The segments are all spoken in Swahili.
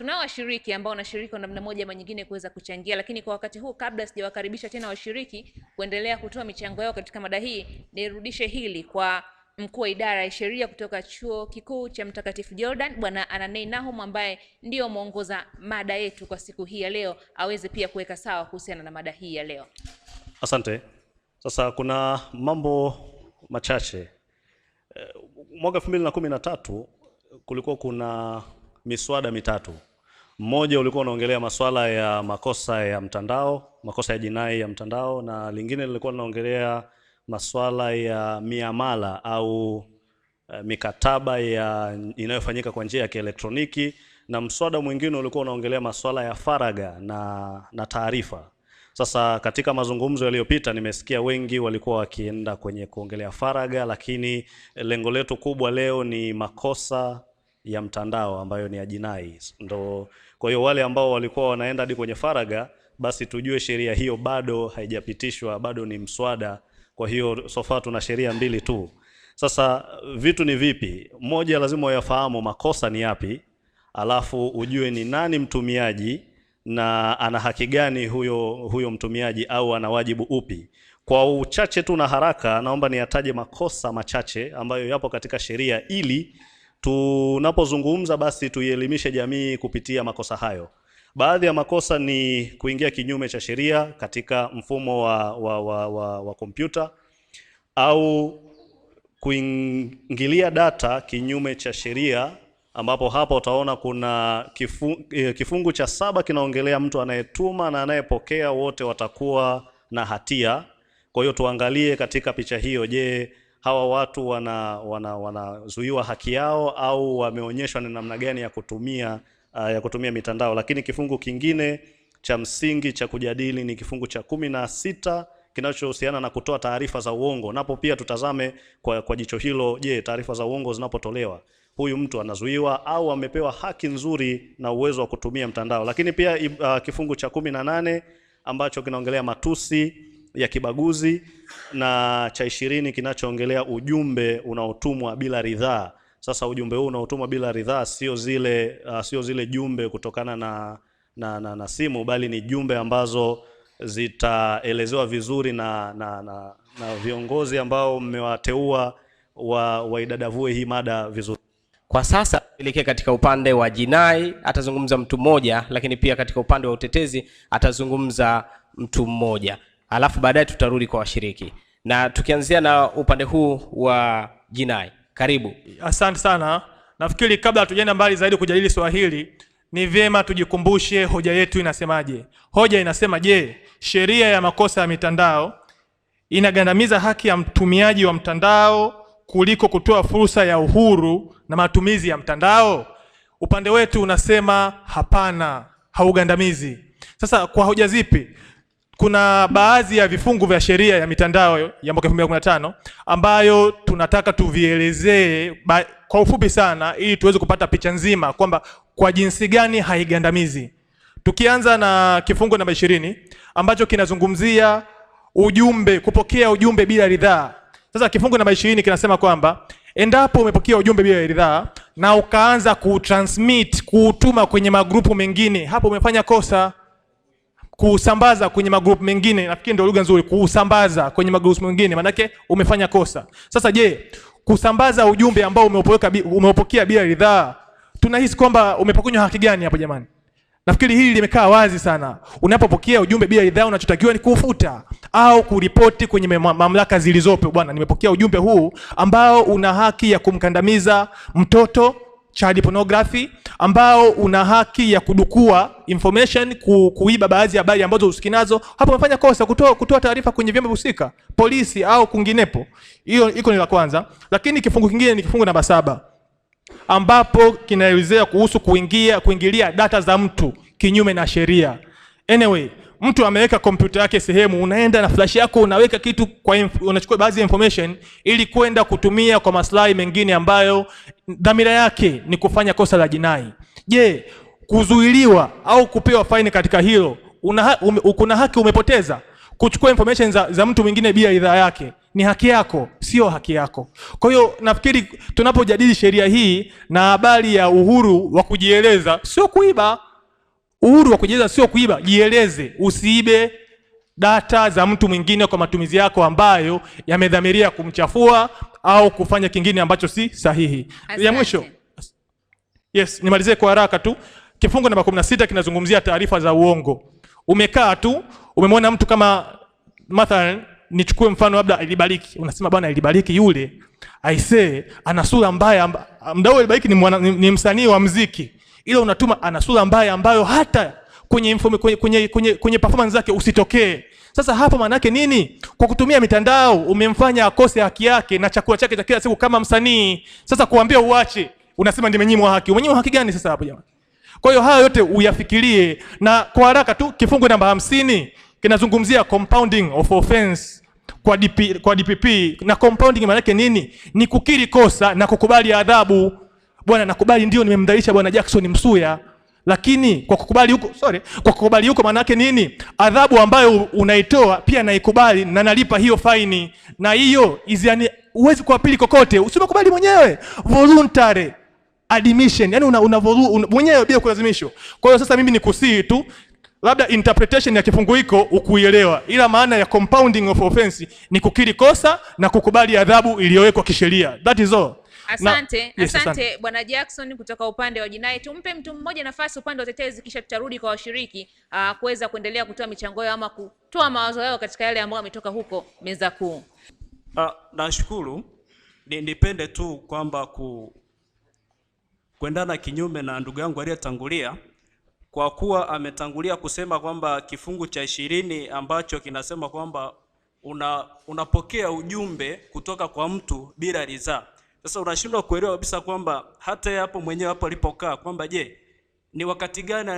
Tunao washiriki ambao wanashiriki kwa namna moja ama nyingine kuweza kuchangia, lakini kwa wakati huu, kabla sijawakaribisha tena washiriki kuendelea kutoa michango yao katika mada hii, nirudishe hili kwa mkuu wa idara ya sheria kutoka Chuo Kikuu cha Mtakatifu Jordan Bwana Ananei Nahum ambaye ndiyo mwongoza mada yetu kwa siku hii ya leo, aweze pia kuweka sawa kuhusiana na mada hii ya leo. Asante. Sasa kuna mambo machache. Eh, mwaka 2013 kulikuwa kuna miswada mitatu mmoja ulikuwa unaongelea masuala ya makosa ya mtandao, makosa ya jinai ya mtandao, na lingine lilikuwa linaongelea masuala ya miamala au eh, mikataba ya inayofanyika kwa njia ya kielektroniki, na mswada mwingine ulikuwa unaongelea masuala ya faraga na, na taarifa. Sasa katika mazungumzo yaliyopita nimesikia wengi walikuwa wakienda kwenye kuongelea faraga lakini lengo letu kubwa leo ni makosa ya mtandao ambayo ni ya jinai ndo kwa hiyo wale ambao walikuwa wanaenda hadi kwenye faraga, basi tujue sheria hiyo bado haijapitishwa, bado ni mswada. Kwa hiyo sofa tuna sheria mbili tu. Sasa vitu ni vipi? Moja, lazima uyafahamu makosa ni yapi, alafu ujue ni nani mtumiaji na ana haki gani huyo, huyo mtumiaji au ana wajibu upi. Kwa uchache tu na haraka, naomba niyataje makosa machache ambayo yapo katika sheria ili Tunapozungumza basi tuielimishe jamii kupitia makosa hayo. Baadhi ya makosa ni kuingia kinyume cha sheria katika mfumo wa, wa, wa, wa, wa kompyuta au kuingilia data kinyume cha sheria ambapo hapa utaona kuna kifu, eh, kifungu cha saba kinaongelea mtu anayetuma na anayepokea wote watakuwa na hatia. Kwa hiyo tuangalie katika picha hiyo, je, hawa watu wanazuiwa wana, wana haki yao au wameonyeshwa ni namna gani ya kutumia, uh, ya kutumia mitandao. Lakini kifungu kingine cha msingi cha kujadili ni kifungu cha kumi na sita kinachohusiana na kutoa taarifa za uongo. Napo pia tutazame kwa, kwa jicho hilo. Je, taarifa za uongo zinapotolewa huyu mtu anazuiwa au amepewa haki nzuri na uwezo wa kutumia mtandao. Lakini pia uh, kifungu cha kumi na nane ambacho kinaongelea matusi ya kibaguzi na cha ishirini kinachoongelea ujumbe unaotumwa bila ridhaa. Sasa ujumbe huu unaotumwa bila ridhaa sio zile, uh, sio zile jumbe kutokana na, na, na, na simu bali ni jumbe ambazo zitaelezewa vizuri na, na, na, na viongozi ambao mmewateua wa waidadavue hii mada vizuri. Kwa sasa elekea katika upande wa jinai atazungumza mtu mmoja, lakini pia katika upande wa utetezi atazungumza mtu mmoja alafu baadaye tutarudi kwa washiriki, na tukianzia na upande huu wa jinai. Karibu. Asante sana. Nafikiri kabla hatujaenda mbali zaidi kujadili swala hili, ni vyema tujikumbushe hoja yetu inasemaje. Hoja inasema je, sheria ya makosa ya mitandao inagandamiza haki ya mtumiaji wa mtandao kuliko kutoa fursa ya uhuru na matumizi ya mtandao? Upande wetu unasema hapana, haugandamizi. Sasa kwa hoja zipi? kuna baadhi ya vifungu vya sheria ya mitandao ya mwaka 2015 ambayo tunataka tuvielezee kwa ufupi sana, ili tuweze kupata picha nzima kwamba kwa jinsi gani haigandamizi. Tukianza na kifungu namba ishirini ambacho kinazungumzia ujumbe, kupokea ujumbe bila ridhaa. Sasa kifungu namba ishirini kinasema kwamba endapo umepokea ujumbe bila ridhaa na ukaanza kutransmit, kuutuma kwenye magrupu mengine, hapo umefanya kosa kuusambaza kwenye magrupu mengine, nafikiri ndio lugha nzuri, kuusambaza kwenye magrupu mengine, maanake umefanya kosa. Sasa je, kusambaza ujumbe ambao umeupokea umeupokea bila ridhaa, tunahisi kwamba umepokonywa haki gani hapo jamani? Nafikiri hili limekaa wazi sana. Unapopokea ujumbe bila ridhaa, unachotakiwa ni kufuta au kuripoti kwenye mamlaka zilizopo. Bwana, nimepokea ujumbe huu ambao una haki ya kumkandamiza mtoto child pornography ambao una haki ya kudukua information ku, kuiba baadhi ya habari ambazo husiki nazo, hapo umefanya kosa kutoa kutoa taarifa kwenye vyombo husika, polisi au kunginepo. Hiyo iko ni la kwanza, lakini kifungu kingine ni kifungu namba saba ambapo kinaelezea kuhusu kuingia kuingilia data za mtu kinyume na sheria. Anyway, mtu ameweka kompyuta yake sehemu, unaenda na flash yako unaweka kitu kwa inf, unachukua baadhi ya information ili kwenda kutumia kwa maslahi mengine ambayo dhamira yake ni kufanya kosa la jinai. Je, kuzuiliwa au kupewa faini katika hilo una, um, kuna haki umepoteza? Kuchukua information za, za mtu mwingine bila idhaa yake ni haki yako, sio haki yako. Kwa hiyo nafikiri tunapojadili sheria hii na habari ya uhuru wa kujieleza, sio kuiba Uhuru wa kujieleza sio kuiba, jieleze, usiibe data za mtu mwingine kwa matumizi yako ambayo yamedhamiria kumchafua au kufanya kingine ambacho si sahihi. Asante. Ya mwisho. Yes, nimalizie kwa haraka tu. Kifungu namba 16 kinazungumzia taarifa za uongo. Umekaa tu, umemwona mtu kama mathalan nichukue mfano labda Alibariki. Unasema bwana Alibariki yule, aisee ana sura mbaya. Mdau Alibariki ni, ni, ni msanii wa mziki ila unatuma ana sura mbaya ambayo hata kwenye, informe, kwenye, kwenye, kwenye, kwenye performance zake usitokee. Sasa hapo maana yake nini? Kwa kutumia mitandao umemfanya akose haki yake na chakula chake cha kila siku kama msanii. Sasa kuambia uache, unasema nimenyimwa haki. Umenyimwa haki gani sasa hapo jamani? Kwa hiyo haya yote uyafikirie, na kwa haraka tu kifungu namba hamsini kinazungumzia compounding of offense kwa, DP, kwa DPP na compounding maana yake nini? Ni kukiri kosa na kukubali adhabu. Bwana nakubali ndio nimemdhalisha Bwana Jackson Msuya, lakini kwa kukubali huko, sorry, kwa kukubali huko maana yake nini? Adhabu ambayo unaitoa pia naikubali na nalipa hiyo faini. Na hiyo is iziani huwezi kuapili kokote, usimekubali mwenyewe. Voluntary admission, yani una, una, una mwenyewe bila kulazimishwa. Kwa hiyo sasa mimi nikusii tu labda interpretation ya kifungu hiko ukuielewa, ila maana ya compounding of offense ni kukiri kosa na kukubali adhabu iliyowekwa kisheria. That is all. Asante, yes, asante, Bwana Jackson kutoka upande wa jinai. Tumpe mtu mmoja nafasi upande wa tetezi, kisha tutarudi kwa washiriki uh, kuweza kuendelea kutoa michango yao ama kutoa mawazo yao katika yale ambayo ametoka huko meza kuu. Uh, nashukuru. Nipende tu kwamba ku kuendana kinyume na ndugu yangu aliyetangulia kwa kuwa ametangulia kusema kwamba kifungu cha ishirini ambacho kinasema kwamba una, unapokea ujumbe kutoka kwa mtu bila ridhaa. Sasa unashindwa kuelewa kabisa kwamba hata hapo mwenyewe hapo alipokaa kwamba je, ni wakati gani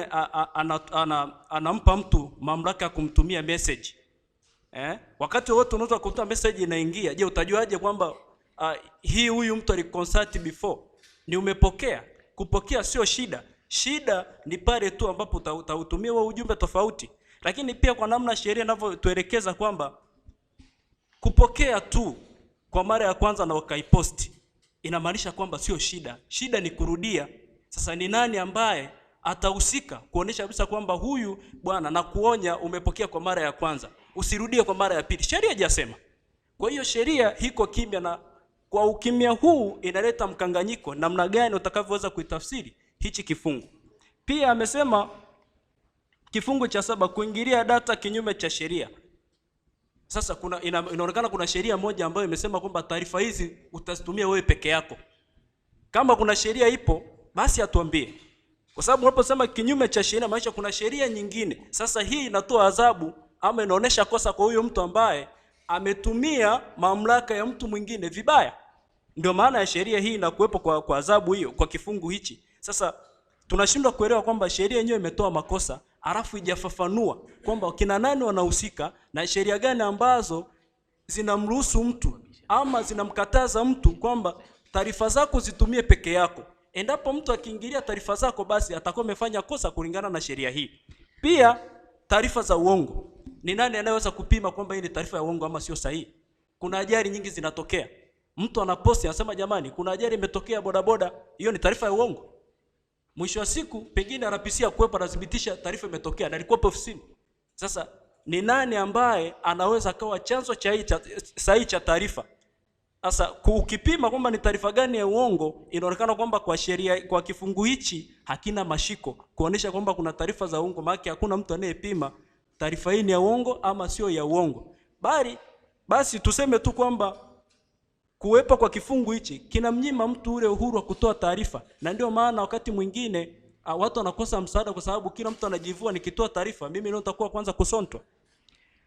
anampa mtu mamlaka ya kumtumia message? Eh? Wakati wote unaweza kukuta message inaingia. Je, utajuaje kwamba uh, hii huyu mtu aliconsult before? Ni umepokea. Kupokea sio shida. Shida ni pale tu ambapo utautumia wa ujumbe tofauti. Lakini pia kwa namna sheria inavyotuelekeza kwamba kupokea tu kwa mara ya kwanza na ukaiposti inamaanisha kwamba sio shida. Shida ni kurudia. Sasa ni nani ambaye atahusika kuonesha kabisa kwamba huyu bwana, na kuonya umepokea kwa mara ya kwanza, usirudie kwa mara ya pili. Sheria haijasema. Kwa hiyo sheria iko kimya, na kwa ukimya huu inaleta mkanganyiko namna gani utakavyoweza kuitafsiri hichi kifungu. Pia amesema kifungu cha saba, kuingilia data kinyume cha sheria. Sasa kuna ina, inaonekana kuna sheria moja ambayo imesema kwamba taarifa hizi utazitumia wewe peke yako. Kama kuna sheria ipo, basi atuambie, kwa sababu unaposema kinyume cha sheria, maisha kuna sheria nyingine. Sasa hii inatoa adhabu ama inaonesha kosa kwa huyo mtu ambaye ametumia mamlaka ya mtu mwingine vibaya. Ndio maana ya sheria hii inakuwepo kwa, kwa adhabu hiyo, kwa kifungu hichi. Sasa tunashindwa kuelewa kwamba sheria yenyewe imetoa makosa alafu ijafafanua kwamba wakina nani wanahusika na sheria gani ambazo zinamruhusu mtu ama zinamkataza mtu kwamba taarifa zako zitumie peke yako. Endapo mtu akiingilia taarifa zako, basi atakuwa amefanya kosa kulingana na sheria hii. Pia taarifa za uongo, ni nani anayeweza kupima kwamba hii ni taarifa ya uongo ama sio sahihi? Kuna ajali nyingi zinatokea, mtu anaposti anasema, jamani, kuna ajali imetokea bodaboda. Hiyo ni taarifa ya uongo? Mwisho wa siku pengine RPC akuwepo anathibitisha taarifa imetokea na alikuwa ofisini. Sasa ni nani ambaye anaweza akawa chanzo cha hii sahihi cha taarifa? Sasa ukipima kwamba ni taarifa gani ya uongo, inaonekana kwamba kwa sheria, kwa kifungu hichi hakina mashiko kuonesha kwamba kuna taarifa za uongo, maana hakuna mtu anayepima taarifa hii ni ya uongo ama sio ya uongo, bali basi tuseme tu kwamba Kuwepo kwa kifungu hichi kinamnyima mtu ule uhuru wa kutoa taarifa, na ndio maana wakati mwingine ah, watu wanakosa msaada kwa sababu kila mtu anajivua, nikitoa taarifa mimi ndio nitakuwa kwanza kusontwa.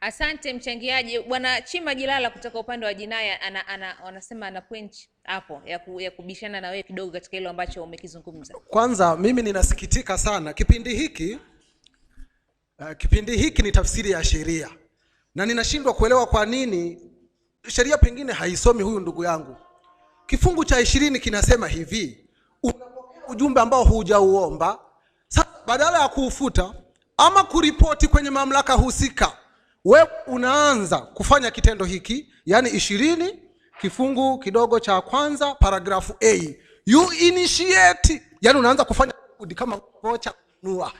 Asante mchangiaji. Bwana Chima Jilala kutoka upande wa jinai ana, ana, anasema ana point hapo ya, ku, ya kubishana na wewe kidogo katika hilo ambacho umekizungumza. Kwanza mimi ninasikitika sana kipindi hiki uh, kipindi hiki ni tafsiri ya sheria na ninashindwa kuelewa kwa nini sheria pengine haisomi huyu ndugu yangu. Kifungu cha ishirini kinasema hivi, unapokea ujumbe ambao hujauomba, badala ya kuufuta ama kuripoti kwenye mamlaka husika, we unaanza kufanya kitendo hiki, yaani ishirini kifungu kidogo cha kwanza paragrafu A, you initiate, yani unaanza kufanya kama kocha nua.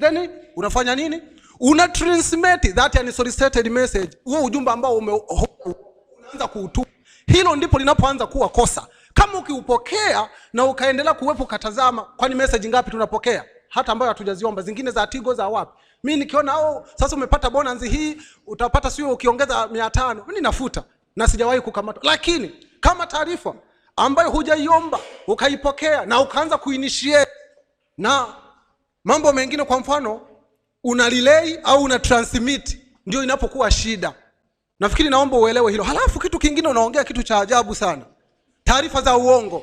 Then unafanya nini? Una transmit that an solicited message, huo ujumbe ambao ume unaanza kuutupa. Hilo ndipo linapoanza kuwa kosa. Kama ukiupokea na ukaendelea kuwepo katazama, kwani message ngapi tunapokea hata ambayo hatujaziomba, zingine za Tigo za wapi? Mimi nikiona au oh, sasa umepata bonus hii, utapata sio, ukiongeza 500 mimi nafuta na sijawahi kukamatwa. Lakini kama taarifa ambayo hujaiomba ukaipokea na ukaanza kuinishie na mambo mengine, kwa mfano una relay au una transmit, ndio inapokuwa shida. Nafikiri naomba uelewe hilo. Halafu kitu kingine, unaongea kitu cha ajabu sana, taarifa za uongo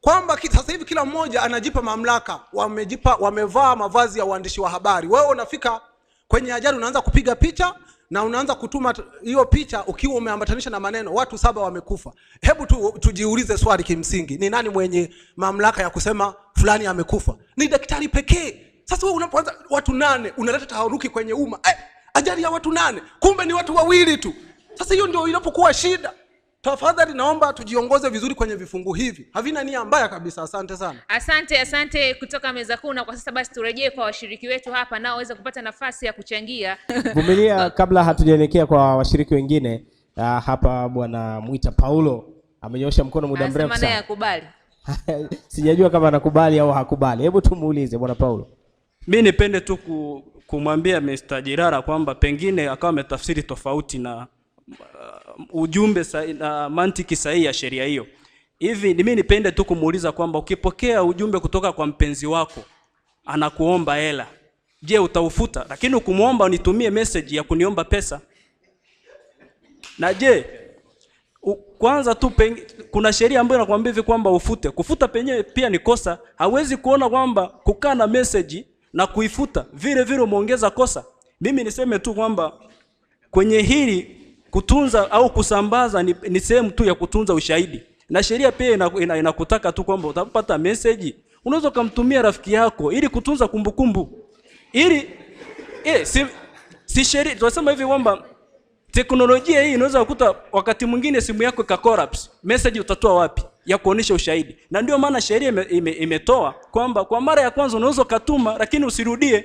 kwamba sasa hivi kila mmoja anajipa mamlaka, wamejipa wamevaa mavazi ya uandishi wa habari. Wewe unafika kwenye ajali, unaanza kupiga picha na unaanza kutuma hiyo picha ukiwa umeambatanisha na maneno watu saba wamekufa. Hebu tu, tujiulize swali kimsingi, ni nani mwenye mamlaka ya kusema fulani amekufa? Ni daktari pekee. Sasa wewe unapoanza watu nane, unaleta taharuki kwenye umma eh, ajali ya watu nane, kumbe ni watu wawili tu. Sasa hiyo ndio inapokuwa shida. Tafadhali naomba tujiongoze vizuri kwenye vifungu hivi, havina nia mbaya kabisa. Asante sana, asante asante kutoka meza kuu. Na kwa sasa basi turejee kwa washiriki wetu hapa, nao waweze kupata nafasi ya kuchangia. Vumilia kabla hatujaelekea kwa washiriki wengine. Uh, hapa bwana Mwita Paulo amenyoosha mkono muda mrefu sana, yakubali sijajua kama anakubali au hakubali. Hebu tumuulize bwana Paulo. Mi nipende tu kumwambia Mr. Jirara kwamba pengine akawa ametafsiri tofauti na uh, ujumbe sa, na mantiki sahihi ya sheria hiyo. Hivi mimi nipende tu kumuuliza kwamba ukipokea ujumbe kutoka kwa mpenzi wako anakuomba hela, je, utaufuta? Lakini ukimwomba unitumie message ya kuniomba pesa. Na je, kwanza tu peng, kuna sheria ambayo inakwambia hivi kwamba ufute. Kufuta penyewe pia ni kosa. Hawezi kuona kwamba kukaa na message na kuifuta vile vile umeongeza kosa. Mimi niseme tu kwamba kwenye hili kutunza au kusambaza ni, ni sehemu tu ya kutunza ushahidi, na sheria pia inakutaka ina, ina tu kwamba utapata message, unaweza ukamtumia rafiki yako ili kutunza kumbukumbu ili eh, si, si sheria tunasema hivi kwamba teknolojia hii inaweza kukuta wakati mwingine simu yako ika collapse, message utatoa wapi ya kuonesha ushahidi? Na ndio maana sheria imetoa ime, ime kwamba kwa mara ya kwanza unaweza ukatuma, lakini usirudie.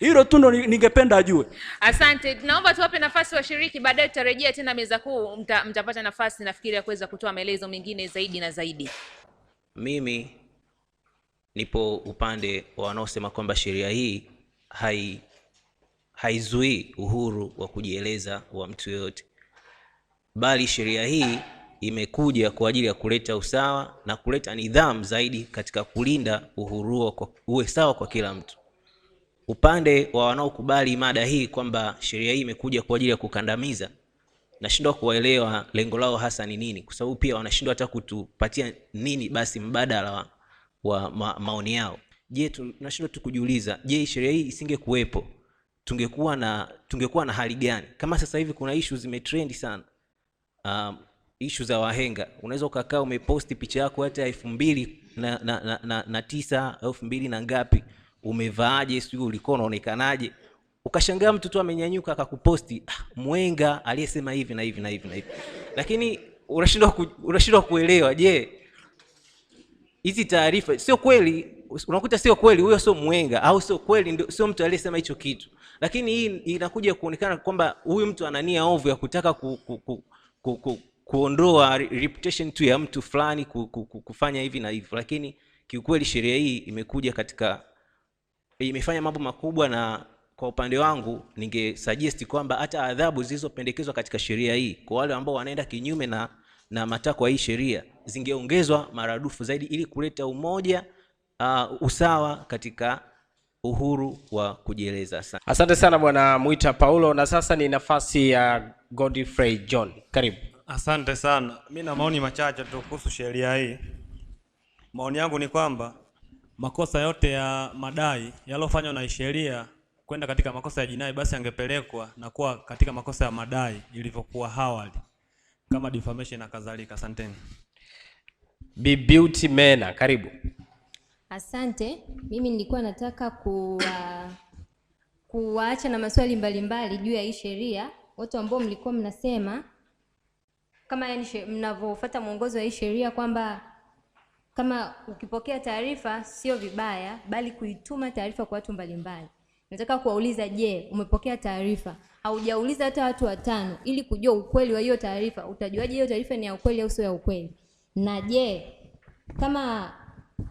Hilo tu ndo ningependa ajue. Asante, naomba tuwape nafasi washiriki, baadaye tutarejea tena meza kuu, mta, mtapata nafasi nafikiri ya kuweza kutoa maelezo mengine zaidi na zaidi. Mimi nipo upande wa wanaosema kwamba sheria hii hai haizuii uhuru wa kujieleza wa mtu yoyote, bali sheria hii imekuja kwa ajili ya kuleta usawa na kuleta nidhamu zaidi katika kulinda uhuru huo, uwe sawa kwa kila mtu upande wa wanaokubali mada hii kwamba sheria hii imekuja kwa ajili ya kukandamiza, nashindwa kuwaelewa lengo lao hasa ni nini, kwa sababu pia wanashindwa hata kutupatia nini basi mbadala wa, wa ma, maoni yao. Je, tunashindwa tu kujiuliza, je, sheria hii isingekuwepo tungekuwa na tungekuwa na hali gani? Kama sasa hivi kuna ishu zimetrendi sana, um, ishu za wahenga. Unaweza ukakaa umeposti picha yako hata elfu mbili na, na, na, na, na tisa elfu mbili na ngapi umevaaje, sijui ulikuwa unaonekanaje, ukashangaa mtu tu amenyanyuka akakuposti ah, mwenga aliyesema hivi na hivi na hivi na hivi, lakini unashindwa ku, unashindwa kuelewa. Je, hizi taarifa sio kweli? Unakuta sio kweli, huyo sio mwenga au sio kweli, sio mtu aliyesema hicho kitu, lakini hii inakuja kuonekana kwamba huyu mtu ana nia ovu ya kutaka ku, ku, ku, ku, ku, kuondoa reputation tu ya mtu fulani ku, ku, ku, kufanya hivi na hivi, lakini kiukweli sheria hii imekuja katika imefanya mambo makubwa, na kwa upande wangu ningesuggest kwamba hata adhabu zilizopendekezwa katika sheria hii kwa wale ambao wanaenda kinyume na, na matakwa hii sheria zingeongezwa maradufu zaidi ili kuleta umoja uh, usawa katika uhuru wa kujieleza. Sana, asante sana bwana Mwita Paulo, na sasa ni nafasi ya Godfrey John, karibu. Asante sana, mi na maoni machache tu kuhusu sheria hii. Maoni yangu ni kwamba makosa yote ya madai yaliyofanywa na sheria kwenda katika makosa ya jinai, basi angepelekwa na kuwa katika makosa ya madai ilivyokuwa awali kama defamation na kadhalika. Asanteni. Bi Beauty Mena, karibu. Asante. Mimi nilikuwa nataka kuwa, uh, kuwaacha na maswali mbalimbali juu ya hii sheria, watu ambao mlikuwa mnasema kama yani mnavyofuata mwongozo wa hii sheria kwamba kama ukipokea taarifa sio vibaya, bali kuituma taarifa kwa watu mbalimbali. Nataka kuwauliza, je, umepokea taarifa? Haujauliza hata watu watano ili kujua ukweli wa hiyo taarifa. Utajuaje hiyo taarifa ni ya ukweli au sio ya ukweli? Na je, kama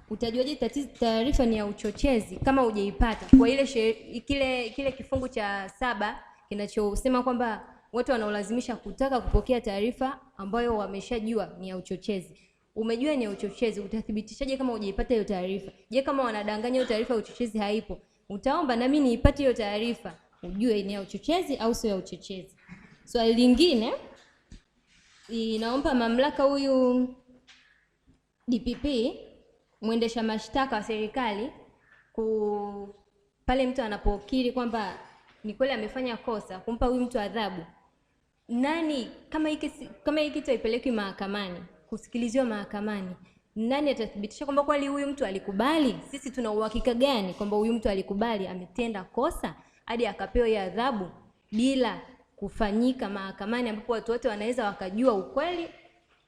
utajuaje taarifa ni ya uchochezi kama hujaipata kwa ile she, kile kile kifungu cha saba kinachosema kwamba watu wanaolazimisha kutaka kupokea taarifa ambayo wameshajua ni ya uchochezi umejua ni uchochezi, utathibitishaje kama hujaipata hiyo taarifa? Je, kama wanadanganya hiyo taarifa ya uchochezi haipo, utaomba na mimi niipate hiyo taarifa, ujue ni ya uchochezi au sio ya uchochezi. Swali so, lingine inaomba mamlaka huyu DPP mwendesha mashtaka wa serikali ku pale mtu anapokiri kwamba ni kweli amefanya kosa, kumpa huyu mtu adhabu nani, kama hii kesi, kama hii kitu haipelekwi mahakamani kusikilizwa mahakamani, nani atathibitisha kwamba kweli huyu mtu alikubali? Sisi tuna uhakika gani kwamba huyu mtu alikubali ametenda kosa hadi akapewa hiyo adhabu bila kufanyika mahakamani, ambapo watu wote wanaweza wakajua ukweli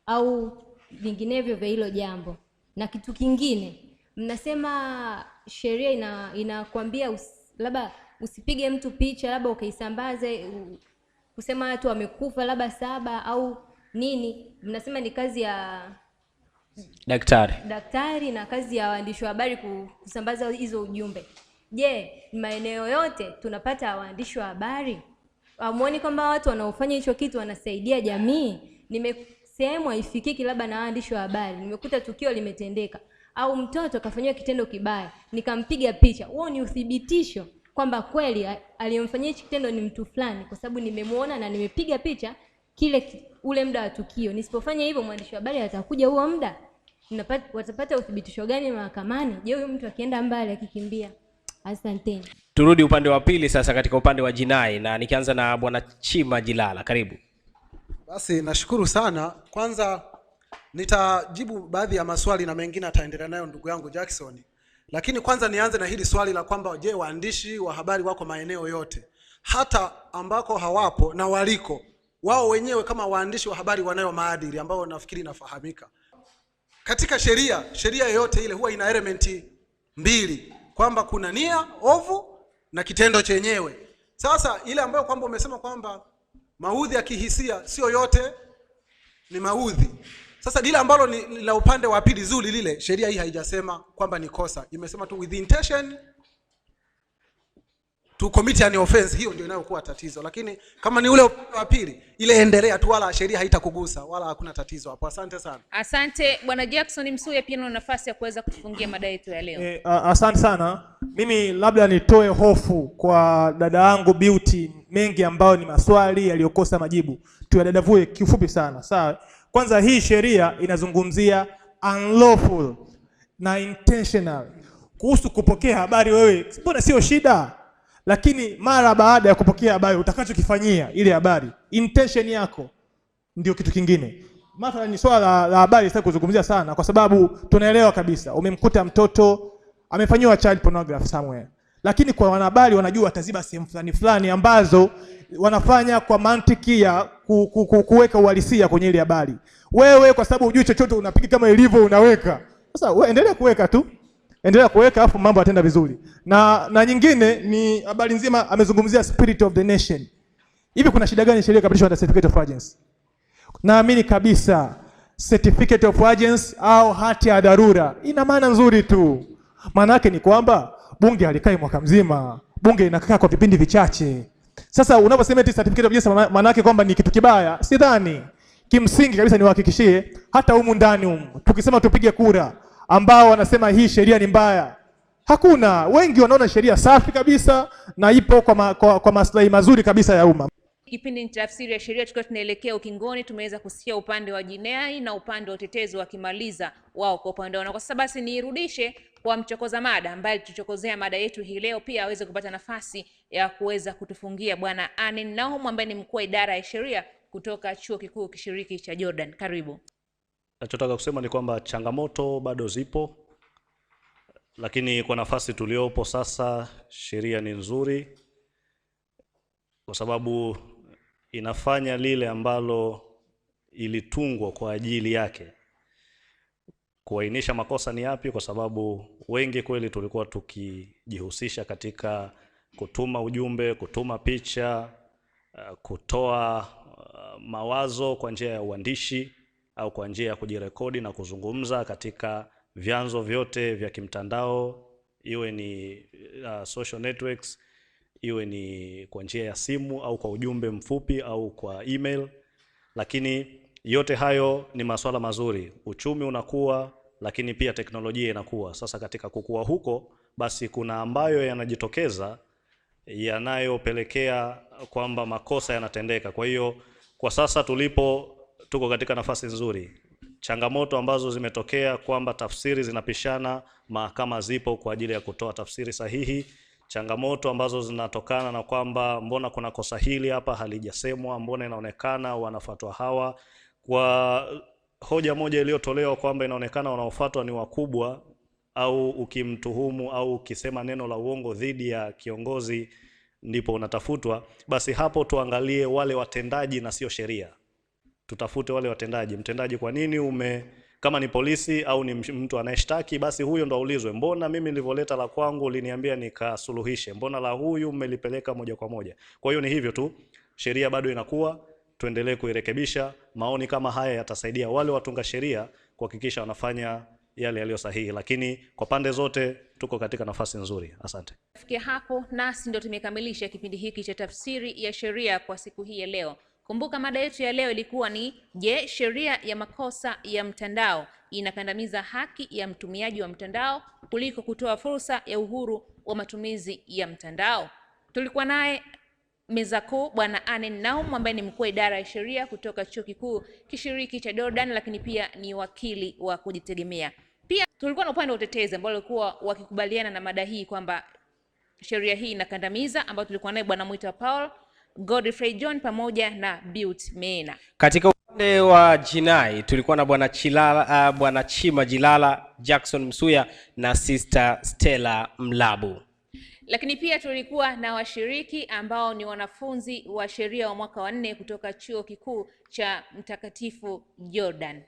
au vinginevyo vya hilo jambo? Na kitu kingine, mnasema sheria ina inakwambia us, labda usipige mtu picha, labda ukaisambaze, kusema watu wamekufa labda saba au nini, mnasema ni kazi ya daktari daktari na kazi ya waandishi wa habari kusambaza hizo ujumbe. Je, maeneo yote tunapata waandishi wa habari? amuoni kwamba watu wanaofanya hicho kitu wanasaidia jamii? Nime sehemu haifikiki labda na waandishi wa habari, nimekuta tukio limetendeka au mtoto kafanyiwa kitendo kibaya, nikampiga picha. Huo ni uthibitisho kwamba kweli aliyemfanyia hichi kitendo ni mtu fulani, kwa sababu nimemwona na nimepiga picha kile ule muda wa tukio. Nisipofanya hivyo, mwandishi wa habari atakuja huo muda, watapata uthibitisho gani mahakamani? Je, huyu mtu akienda mbali, akikimbia? Asanteni. Turudi upande wa pili sasa, katika upande wa jinai, na nikianza na bwana Chima Jilala, karibu. Basi nashukuru sana. Kwanza nitajibu baadhi ya maswali na mengine ataendelea nayo ndugu yangu Jackson, lakini kwanza nianze na hili swali la kwamba je, waandishi wa habari wako maeneo yote hata ambako hawapo na waliko wao wenyewe kama waandishi wa habari wanayo maadili ambayo nafikiri inafahamika katika sheria. Sheria yoyote ile huwa ina element mbili, kwamba kuna nia ovu na kitendo chenyewe. Sasa ile ambayo kwamba umesema kwamba maudhi ya kihisia sio yote ni maudhi. Sasa lile ambalo ni la upande wa pili zuri, lile sheria hii haijasema kwamba ni kosa, imesema tu with intention to commit an offense, hiyo ndio inayokuwa tatizo. Lakini kama ni ule upande wa pili, ile endelea tu, wala sheria haitakugusa wala hakuna tatizo hapo. Asante sana. Asante bwana Jackson Msuya, pia una nafasi ya kuweza kutufungia mada yetu ya leo. Eh, asante sana. Mimi labda nitoe hofu kwa dada yangu Beauty, mengi ambayo ni maswali yaliyokosa majibu, tuyadadavue kifupi sana. Sawa, kwanza hii sheria inazungumzia unlawful na intentional kuhusu kupokea habari. Wewe mbona sio shida? Lakini mara baada ya kupokea habari, utakachokifanyia ile habari, intention yako ndio kitu kingine. ni swala la habari sitaki kuzungumzia sana, kwa sababu tunaelewa kabisa, umemkuta mtoto amefanyiwa child pornography somewhere, lakini kwa wanahabari wanajua wataziba sehemu fulani fulani ambazo wanafanya kwa mantiki ya kuweka uhalisia kwenye ile habari. Wewe kwa sababu hujui chochote, unapiga kama ilivyo, unaweka. Sasa endelea kuweka tu endelea kuweka, afu mambo yatenda vizuri. Na na nyingine ni habari nzima, amezungumzia spirit of the nation. Hivi kuna shida gani sheria kabisa na certificate of urgency? Naamini kabisa certificate of urgency au hati ya dharura ina maana nzuri tu. Maana yake ni kwamba bunge halikai mwaka mzima, bunge inakaa kwa vipindi vichache. Sasa unaposema eti certificate of urgency maana yake kwamba ni kitu kibaya, sidhani. Kimsingi kabisa niwahakikishie hata humu ndani humu tukisema tupige kura ambao wanasema hii sheria ni mbaya. Hakuna, wengi wanaona sheria safi kabisa na ipo kwa, ma, kwa, kwa maslahi mazuri kabisa ya umma. Kipindi ni tafsiri ya sheria, tukiwa tunaelekea ukingoni, tumeweza kusikia upande wa jinai na upande wa utetezi wakimaliza wao kwa upande wao. Na kwa sasa basi nirudishe kwa mchokoza mada ambaye tulichokozea mada yetu hii leo, pia aweze kupata nafasi ya kuweza kutufungia, Bwana Anne Naum ambaye ni mkuu wa idara ya sheria kutoka chuo kikuu kishiriki cha Jordan. Karibu. Nachotaka kusema ni kwamba changamoto bado zipo, lakini kwa nafasi tuliopo sasa, sheria ni nzuri kwa sababu inafanya lile ambalo ilitungwa kwa ajili yake, kuainisha makosa ni yapi, kwa sababu wengi kweli tulikuwa tukijihusisha katika kutuma ujumbe, kutuma picha, kutoa uh, mawazo kwa njia ya uandishi au kwa njia ya kujirekodi na kuzungumza katika vyanzo vyote vya kimtandao, iwe ni uh, social networks, iwe ni kwa njia ya simu au kwa ujumbe mfupi au kwa email. Lakini yote hayo ni masuala mazuri, uchumi unakuwa, lakini pia teknolojia inakuwa. Sasa katika kukua huko, basi kuna ambayo yanajitokeza yanayopelekea kwamba makosa yanatendeka. Kwa hiyo kwa sasa tulipo tuko katika nafasi nzuri. Changamoto ambazo zimetokea kwamba tafsiri zinapishana, mahakama zipo kwa ajili ya kutoa tafsiri sahihi. Changamoto ambazo zinatokana na kwamba mbona kuna kosa hili hapa halijasemwa, mbona inaonekana wanafuatwa hawa. Kwa hoja moja iliyotolewa kwamba inaonekana wanaofuatwa ni wakubwa, au ukimtuhumu au ukisema neno la uongo dhidi ya kiongozi ndipo unatafutwa. Basi hapo tuangalie wale watendaji na sio sheria tutafute wale watendaji. Mtendaji, kwa nini ume kama ni polisi au ni mtu anayeshtaki, basi huyo ndo aulizwe, mbona mimi nilivyoleta la kwangu uliniambia nikasuluhishe, mbona la huyu mmelipeleka moja kwa moja? Kwa hiyo ni hivyo tu, sheria bado inakuwa, tuendelee kuirekebisha. Maoni kama haya yatasaidia wale watunga sheria kuhakikisha wanafanya yale yaliyo sahihi, lakini kwa pande zote tuko katika nafasi nzuri. Asante. Kufikia hapo, nasi ndo tumekamilisha kipindi hiki cha tafsiri ya sheria kwa siku hii ya leo. Kumbuka mada yetu ya leo ilikuwa ni je, sheria ya makosa ya mtandao inakandamiza haki ya mtumiaji wa mtandao kuliko kutoa fursa ya uhuru wa matumizi ya mtandao? Tulikuwa naye meza kuu Bwana Anen Naum ambaye ni mkuu wa idara ya sheria kutoka chuo kikuu kishiriki cha Jordan, lakini pia ni wakili wa kujitegemea. Pia tulikuwa na upande wa utetezi ambao walikuwa wakikubaliana na mada hii kwamba sheria hii inakandamiza, ambayo tulikuwa naye Bwana Mwita Paul Godfrey John pamoja na Beauty Mena. Katika upande wa jinai tulikuwa na bwana Chilala, ah, bwana Chima Jilala, Jackson Msuya na Sister Stella Mlabu lakini pia tulikuwa na washiriki ambao ni wanafunzi wa sheria wa mwaka wa nne kutoka chuo kikuu cha Mtakatifu Jordan.